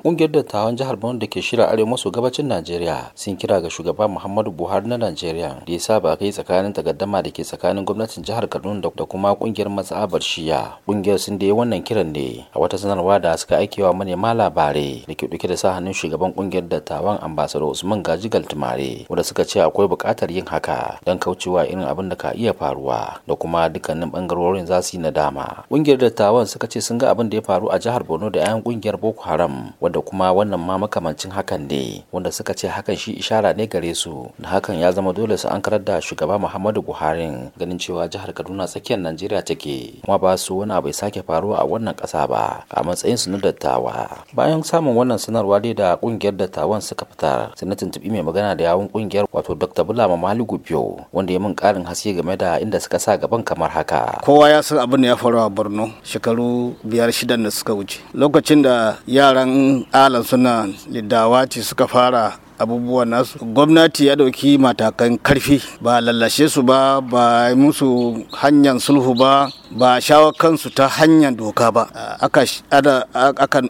Ƙungiyar dattawan jihar Borno da ke shirya arewa maso gabacin Najeriya sun kira ga shugaba Muhammadu Buhari na Najeriya da ya saba kai tsakanin takaddama da ke tsakanin gwamnatin jihar Kaduna da kuma kungiyar matsabar shiya. Ƙungiyar sun da wannan kiran ne a wata sanarwa da suka aikewa manema labarai da ke duke da sa hannun shugaban ƙungiyar dattawan ambasado Usman Gaji galtumare wanda suka ce akwai buƙatar yin haka don kaucewa irin abin da ka iya faruwa da kuma dukkanin bangarorin za su yi nadama. Ƙungiyar dattawan suka ce sun ga abin da ya faru a jihar Borno da 'yan kungiyar Boko Haram da kuma wannan ma makamancin hakan ne wanda suka ce hakan shi ishara ne gare su da hakan ya zama dole su an karar da shugaba muhammadu buhari ganin cewa jihar kaduna tsakiyar najeriya take kuma ba su wani bai sake faruwa a wannan ƙasa ba a matsayin su na dattawa bayan samun wannan sanarwa dai da kungiyar dattawan suka fitar sai na tuntubi mai magana da yawun kungiyar wato dr bulama maligu gubiyo wanda ya min karin haske game da inda suka sa gaban kamar haka kowa ya san abin da ya faru a borno shekaru biyar shidan da suka wuce lokacin da yaran alan suna liddawa suka fara abubuwan nasu gwamnati ya dauki matakan karfi ba lallashe su ba ba musu hanyar sulhu ba ba shawo kansu ta hanyar doka ba aka,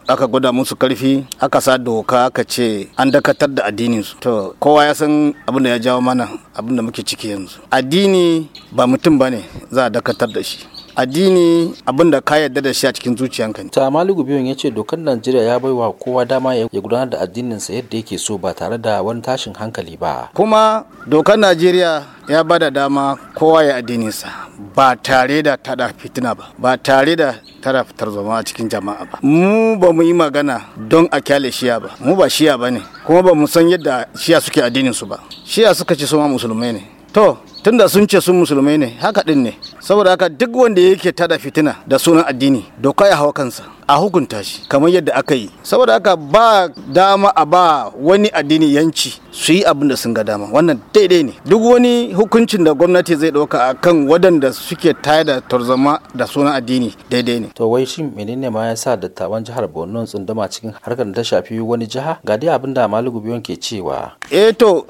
aka, gwada musu karfi aka sa doka aka ce an dakatar da addinin su to kowa ya san abin ya jawo mana abin muke ciki yanzu addini ba mutum ba ne za a dakatar da shi addini abin da ka yarda da shi a cikin zuciyanka ne. Tamali Gubiyon ya ce dokar Najeriya ya baiwa kowa dama ya gudanar da addininsa yadda yake so ba tare da wani tashin hankali ba. Kuma dokar Najeriya ya ba da dama kowa ya addininsa ba tare da tada fitina ba ba tare da tara fitar zama a cikin jama'a ba. Mu ba mu yi magana don a kyale shiya ba mu ba shiya ba ne kuma ba mu san yadda shiya suke addininsu ba shiya suka ce su ma musulmai ne. To tunda sun ce sun musulmai ne haka din ne saboda haka duk wanda yake tada fitina da sunan addini doka ya hawa kansa a hukunta shi kamar yadda aka yi saboda haka ba dama a ba wani addini yanci su yi abin da sun ga dama wannan daidai ne duk wani hukuncin da gwamnati zai ɗauka a kan waɗanda suke tayar da tarzoma da sunan addini daidai ne to wai shin menene ma ya sa dattawan jihar borno tsundama cikin harkar da ta shafi wani jiha ga dai abin da malugu biyon ke cewa eh to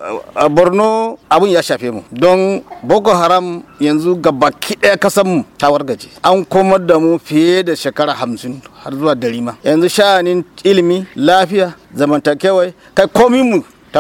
borno abin ya shafe mu don boko haram yanzu ga baki ɗaya kasan mu ta wargaje an komar da mu fiye da shekara hamsin har zuwa dari yanzu sha'anin ilimi lafiya zamantakewai kai komi mu ta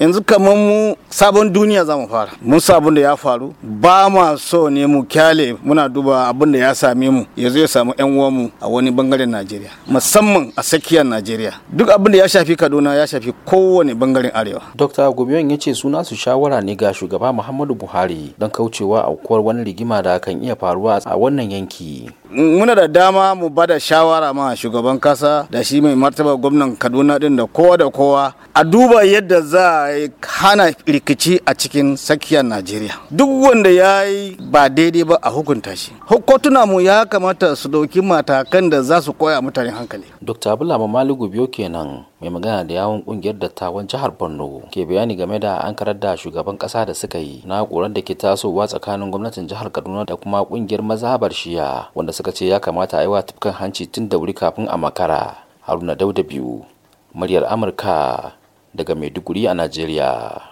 yanzu kamar mu sabon duniya za mu fara mun sabon da ya faru ba ma so ne mu kyale muna duba abin da ya same mu yanzu ya samu yan uwanmu a wani bangaren najeriya musamman a tsakiyar najeriya duk abin da ya shafi kaduna ya shafi kowane bangaren arewa dr gobiyon ya ce suna su shawara ne ga shugaba muhammadu buhari don kaucewa aukuwar wani rigima da kan iya faruwa a wannan yanki muna da dama mu bada shawara ma shugaban kasa da shi mai martaba gwamnan kaduna din da kowa da kowa a duba yadda za a hana rikici a cikin tsakiyar najeriya duk wanda ya yi ba daidai ba a hukunta shi kotuna mu ya kamata su dauki matakan da za su koya mutane hankali dr abulama maligu biyo kenan mai magana da yawon kungiyar dattawan jihar borno ke bayani game da an karar da shugaban kasa da suka yi na da ke tasowa tsakanin gwamnatin jihar kaduna da kuma kungiyar mazhabar shiya wanda suka suka ce ya kamata a yi wa tufkan hanci tun da wuri kafin a makara haruna dauda biyu muryar amurka daga maiduguri a najeriya